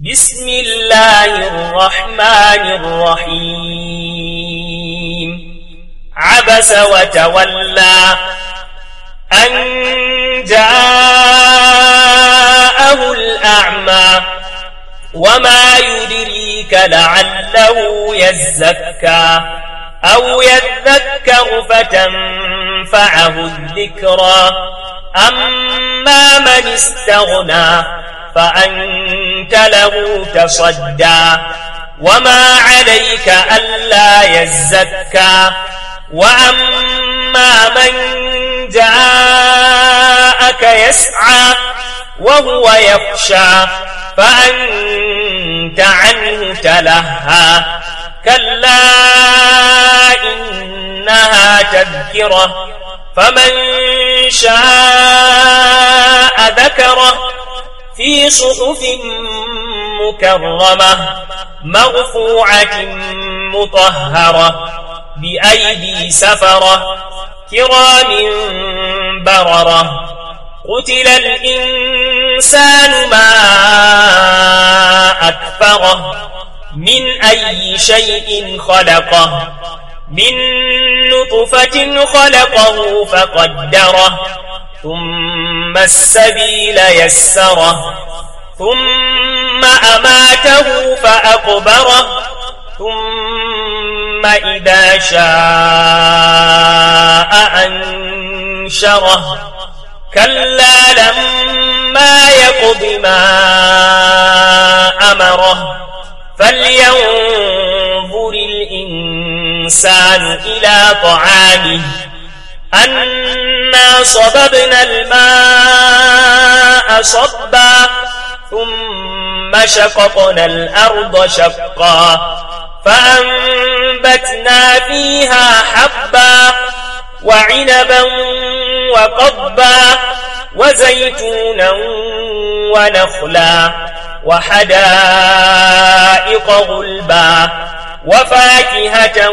بسم الله الرحمن الرحيم عبس وتولى أن جاءه الأعمى وما يدريك لعله يزكى أو يذكر فتنفعه الذكرى أما من استغنى فأنت كنت له تصدى وما عليك ألا يزكى وأما من جاءك يسعى وهو يخشى فأنت عنه تلهى كلا إنها تذكرة فمن شاء ذكر في صحف مكرمة مرفوعة مطهرة بأيدي سفرة كرام بررة قتل الإنسان ما أكفره من أي شيء خلقه من نطفة خلقه فقدره ثم السبيل يسره ثم أماته فأقبره ثم إذا شاء أنشره كلا لما يقض ما أمره فلينظر الإنسان إلى طعامه أن أنا صببنا الماء صبا ثم شققنا الأرض شقا فأنبتنا فيها حبا وعنبا وقبا وزيتونا ونخلا وحدائق غلبا وفاكهة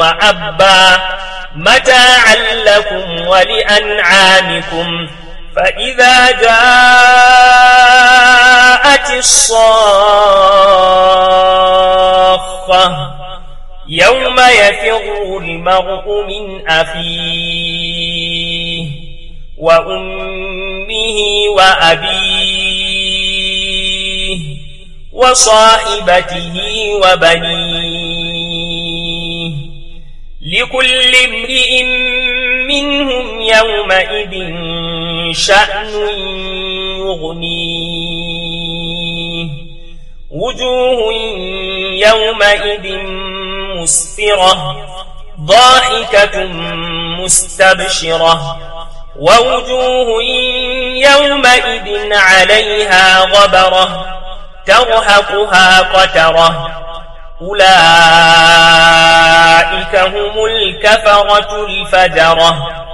وأبا متاعا لكم ولأنعامكم فإذا جاءت الصاخة يوم يفر المرء من أخيه وأمه وأبيه وصاحبته وبنيه لكل امرئ منهم يومئذ شأن يغنيه وجوه يومئذ مسفرة ضاحكة مستبشرة ووجوه يومئذ عليها غبرة ترهقها قترة أولئك هم الكفرة الفجرة